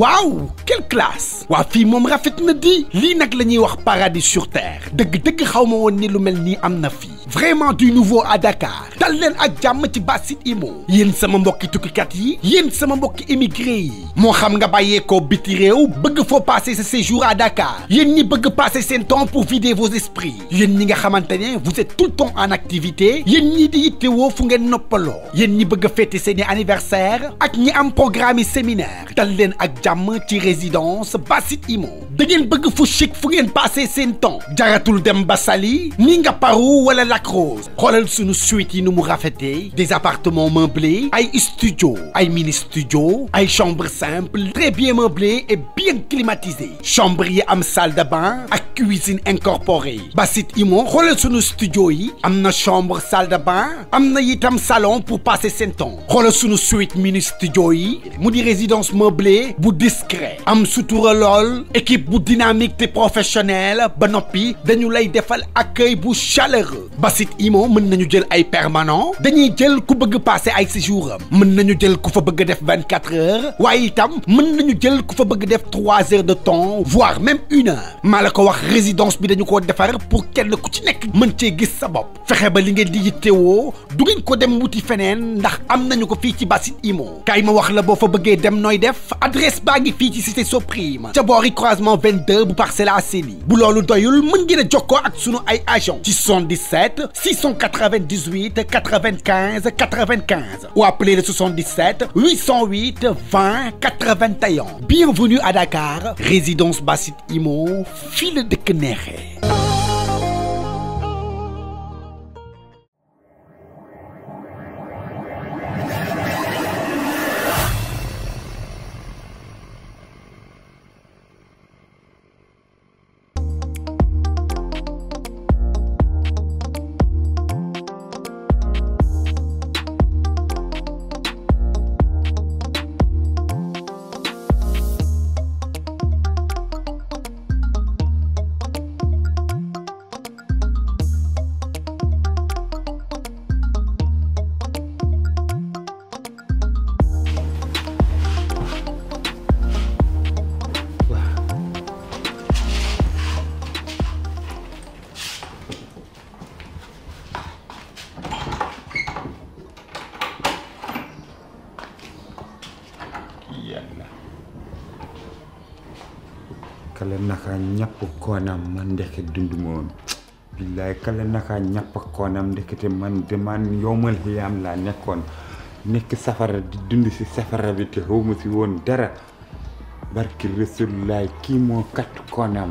Wow, quelle classe Wa fi mom rafet na di li nak lañuy wax paradis sur terre deug deug xaw won ni lu mel ni am fi vraiment du nouveau à Dakar Talen ak jam ci bas Imo yéen sama mbokki tukkikat yi yeen sama mbokki émigré yi moo xam nga ko, biti réew bëgg fo passer ce séjour à Dakar Yeen ni bëgg passer sen temps pour vider vos esprits Yeen ni nga xamante vous êtes tout le temps en activité yeen ni di wo fu ngeen noppalo. Yeen ni bëgg a fêter seeni anniversaire ak ñi am programme et séminaire Talen ak jam ci résidence Basit Imo da ngeen bëgg fu chic fu ngeen passer sen temps jaratul dem ba sali, ni nga paru wala Rose suite yi nu des appartements meublés ay studio ay mini studio ay chambre simple très bien meublé et bien climatisé chambre yi salle de bain ak cuisine incorporée Basit Imo xoolal suñu studio yi chambre salle de bain amna itam salon pour passer son temps xoolal suñu suite mini studio yi di résidence meublée bu discret am sutura lol, équipe bu dynamique et professionnelle ba noppi dañu lay défal accueil bu chaleureux site IMO, moom mën nañu jël ay permanent dañuy jël ku bëgg passer ay séjour am mën nañu jël ku fa bëgg def 24 quatre heures waaye itam mën nañu jël ku fa bëgg def 3 heures de temps voire même 1 heure maa la ko wax résidence bi dañu koo defar pour kenn ku ci nekk mën cee gis sa bopp fexe ba li ngeen di yittewoo du ngeen ko dem wuti feneen ndax am nañu ko fii ci Basit Imo kaay ma wax la boo fa bëggee dem nooy def adresse baa ngi fii ci cité Soprime ca boori croisement 22 bu Parcelles Assainies bu loolu doyul mën ngeen a jokkoo ak sunu ay agent ci 77 698 95 95 ou appelez le 77 808 20 81. Bienvenue à Dakar, résidence Bassit Imo, file de Kneré. ñàpp koonam man ndeke dund moom billaay kala naka ñàpp koonam ndekete man de man yowmal xiyaam laa nekkoon nekk safara di dund si safara bi te xawma ci woon dara barki rasululaay kii moo katt koonam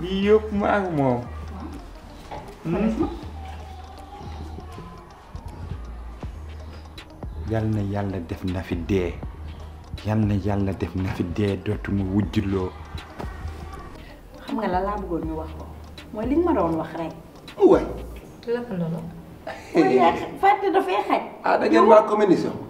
Niyok mo ako mo. Hmm? yal na def na fi dee Yalna na def na fi dee dotuma wujjulo. xam nga la la bëggoon ñu wax ko Moy liñ ma doon wax rek waay la ko loolu da fay xaj ah da ngeen ma communisme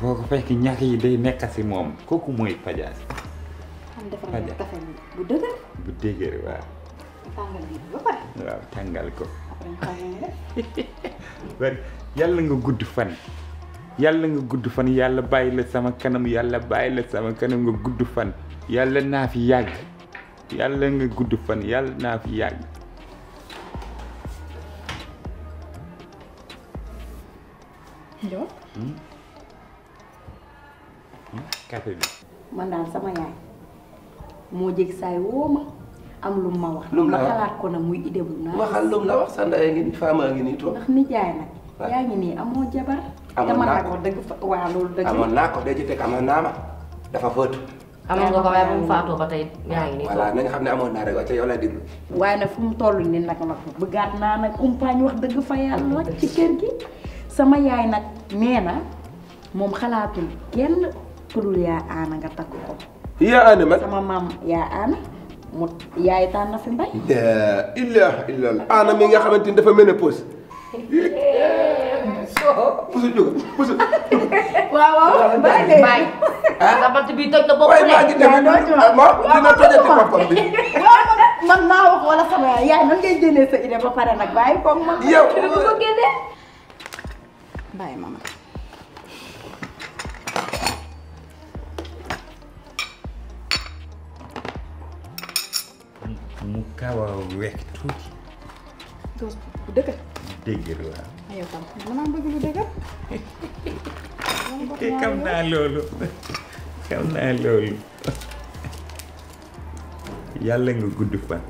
boo ko fekk ñax yi day nekk ci moom kooku mooy pajaas. pajaas bu dëgër. bu dëgër waaw. tàngal ko. yàlla nga gudd yàlla nga gudd fan yàlla bàyyi sama kanam yàlla bàyyi sama kanam nga gudd fan. yàlla naa fi yàgg. yàlla nga gudd fan yàlla naa fi yàgg. café bi. man daal sama yaay moo jég saay woo am lu ma wax. lu ma xalaat ko nag muy idée bu naan. waxal lu wax sa ngi ngi jabar. amoon naa ko dëgg fa waa loolu dëgg. amoon naa ko day ci teg amoon ma dafa fóotu. amoon nga ko waaye bu mu faatoo ba tey yaa ngi nii toog. voilà na rek waaye ca yow laa déglu. waaye nag fu mu toll wax fa ci gi sama yaay kenn kudul yaa aana nga takk ko. yaa aana ma sama maam yaa aana mu yaay tànn na fi mbay. illah illah aana mi nga xamante ni dafa ménopause. puso jóg puso. waaw waaw bàyyi de bàyyi. ah bant bi toj na bopp de. waaye dina tojati boppam bi. man maa wax wala sama yaay nan ngay génnee sa idée ba pare nag bàyyi koog man. yow dina ko génnee. bàyyi ma mu kaw a weex tuuti. doos bu dëgër. dëgër bëgg lu dëgër. te xam naa loolu xam naa loolu yàlla nga gudd fan.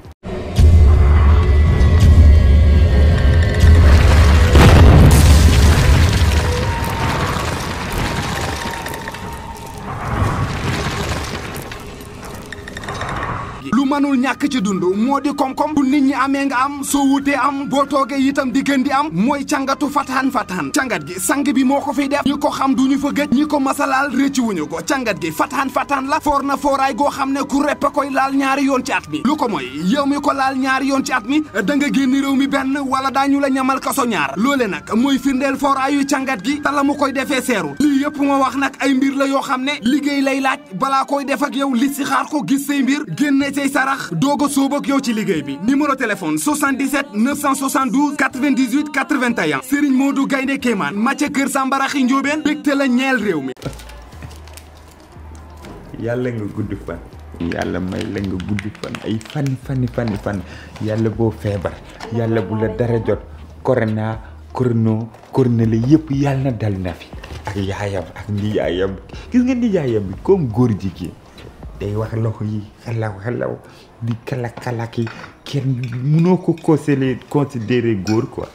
manul ñàkk ci dund moo di koom-koom bu nit ñi amee nga am soo wutee am boo toogee itam di gën di am mooy cangatu fataan fataan cangat gi sang bi moo ko fi def ñi ko xam duñu ñu fa gëj ñi ko masalaal rëcc wuñu ko cangat gi fataan fataan la foor na fooraay goo xam ne ku repp koy laal ñaari yoon ci at mi lu ko mooy yow mi ko laal ñaari yoon ci at mi da nga génn réew mi benn wala daañu la ñamal kaso ñaar loole nag mooy firndeel fooraayu cangat gi te la mu koy defee seerul yëpp ma wax nag ay mbir la yoo xam ne liggéey lay laaj balaa koy def yow li si xaar ko gis say mbir génne say sa sarax doog a sóob yow ci liggéey bi numéro téléphone 77 972 98 81 Serigne Modou Gaynde Kéemaan Mathieu Kër Sambaraxi Njóobeen bégte la ñeel réew yàlla nga gudd fan yàlla may la nga gudd fan ay fani fani fani yàlla boo feebar yàlla bu la dara jot corona corno cornele yëpp yàlla na dal na fi ak yaayam ak ndijaayam gis nga ndijaayam bi comme góor jigéen day wax loxo yi xalaw xalaw di kalak kalak yi munoo ko considéré considéré góor quoi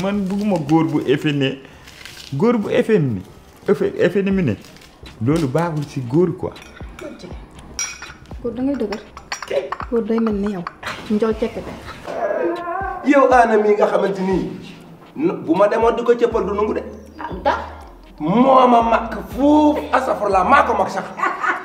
man bugguma góor bu efféminé góor bu efféminé efféminé loolu baaxul ci góor quoi. góor da ngay dëgër. góor day mel ni yow. Ndiol tekk yow aana mii nga xamante ni bu ma demoon di ko cëppal du nangu de. Ah, moo ma mag fuuf asafurlaa maa ko mag sax.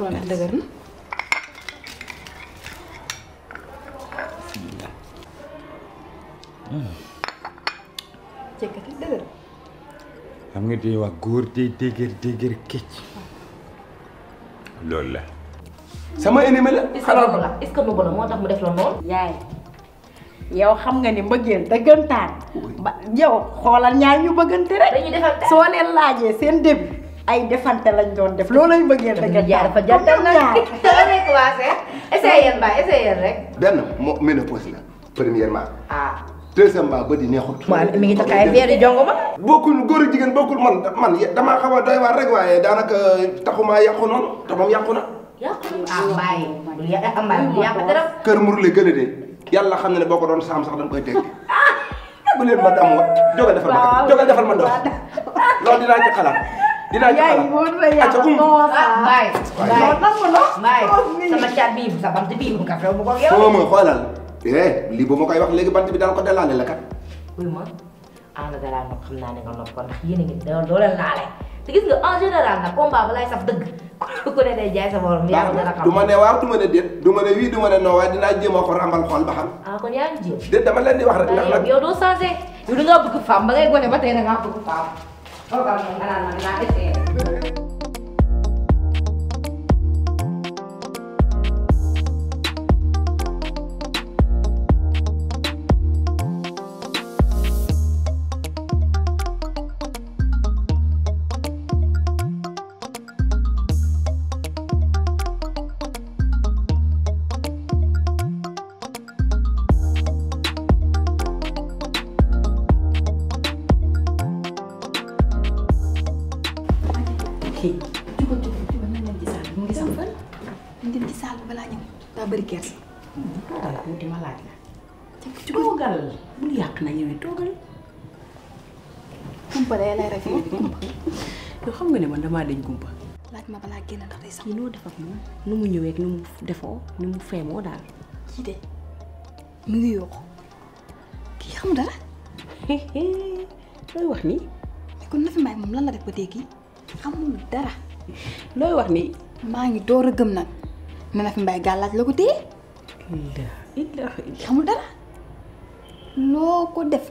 ronat dëgër na nga tey wax góor tey la sama ennemi la xalaat la est-ce que bëgg la moo tax mu def la noonu yaay yow xam nga ni mbëggeel yow ñaar ñu bëggante rek début ay defante lañ doon def loolay bëggee dëgg jaar dafa jantal na dañuy commencé essayé moo ménopause la premièrement ah deuxièmement ba di neexut waaw mi ngi ay feeri jongo ba bokkul góor jigéen bokkul man man damaa xaw a doy waar rek waaye daanaka euh, taxumaa yàqu noonu te moom yàqu na ah mbaay ah, dara kër mur le gële de yàlla xam ne ne boo ko doon saam sax dama koy dégg bu leen ma dam wa jógal defal ma defal ma ndox loolu dinaa ci xalaat Um. Ah, eh, dinaa ah, jox la waay waay sama de bii sa bant a pas que mu ko yow. foo ma xoolal. eh dit ba ma koy wax bi daan ko de ah, la ma ne nga nopp ko a gis nga en général nag combat ba lay saf dëgg ku ne day jaay sa borom xam. mal. ma ne waaw ma ne déet pas ma ne ne a ko ràmbal xool ba ah kon dama wax rek ndax yow yow bëgg femme ba ngay gone ba bëgg Oh, kalın, ben anlamına it. ko ya, di ma laaj la toogal bul yàq na ñëwee toogal kumpa day lay rek yo xam nga ne man damaa dañ kumpa laaj ma balaa génn ndax day sax noo def ak moom nu mu ñëwee ak nu mu defoo ni mu feemoo dal kii de mu ngi yokk kii xam dara looy wax ni kon na fi may moom lan la def ba tey amul dara looy wax ni ngi gëm na fi mbay xamul dara loo ko def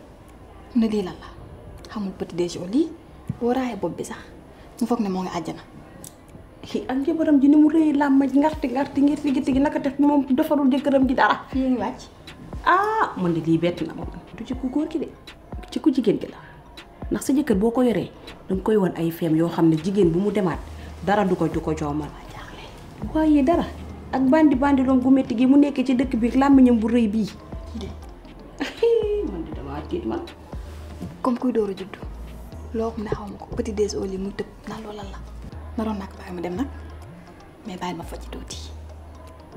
na lii lan la xamul petit déjà lii boo raayee bopp bi sax mu foog ne moo ngi àjjana ak jabaram ji ni mu rëy làmmaj ngarti ngarti ngir fi gitti naka def ni moom defarul jëkkëram ji dara fii ngi wàcc ah man de lii bett na moom du ci ku góor ki de ci ku jigéen gi la ndax sa jëkkër boo ko yoree danga koy wan ay feem yoo xam ne jigéen bu mu demaat dara du ko du ko waaye dara ak bandi bandi loom gu métti gi mu nekkee ci dëkk bi làmmiñam bu rëy bii man de comme kuy door a juddu loo xam ne xaw ma ko petit des au lit mu tëb naa loolal la naroon naa ko bàyyi mu dem nag mais bàyyi ma faj tuuti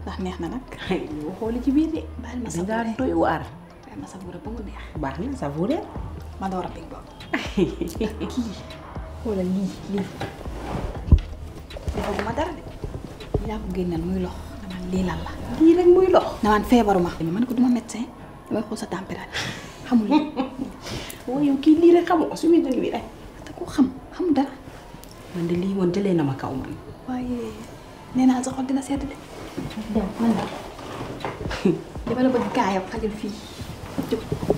ndax neex na nag ñoo ci biir de bàyyi ma savouré dangaa doy waar bàyyi ba mu neex baax na savouré ma door a bég kii xoolal lii lii defaguma dara de yaa ko génneel muy lox damaan lii lan la lii rek muy lox damaan man ko duma médecin sa température xamul waaye yow kii lii rek xamu ko suñu dënn bi rek te ko xam xamul dara man de lii woon jëlee na ma kaw man waaye nee naa sa xol dina sedd de dem man la dama la xajul fii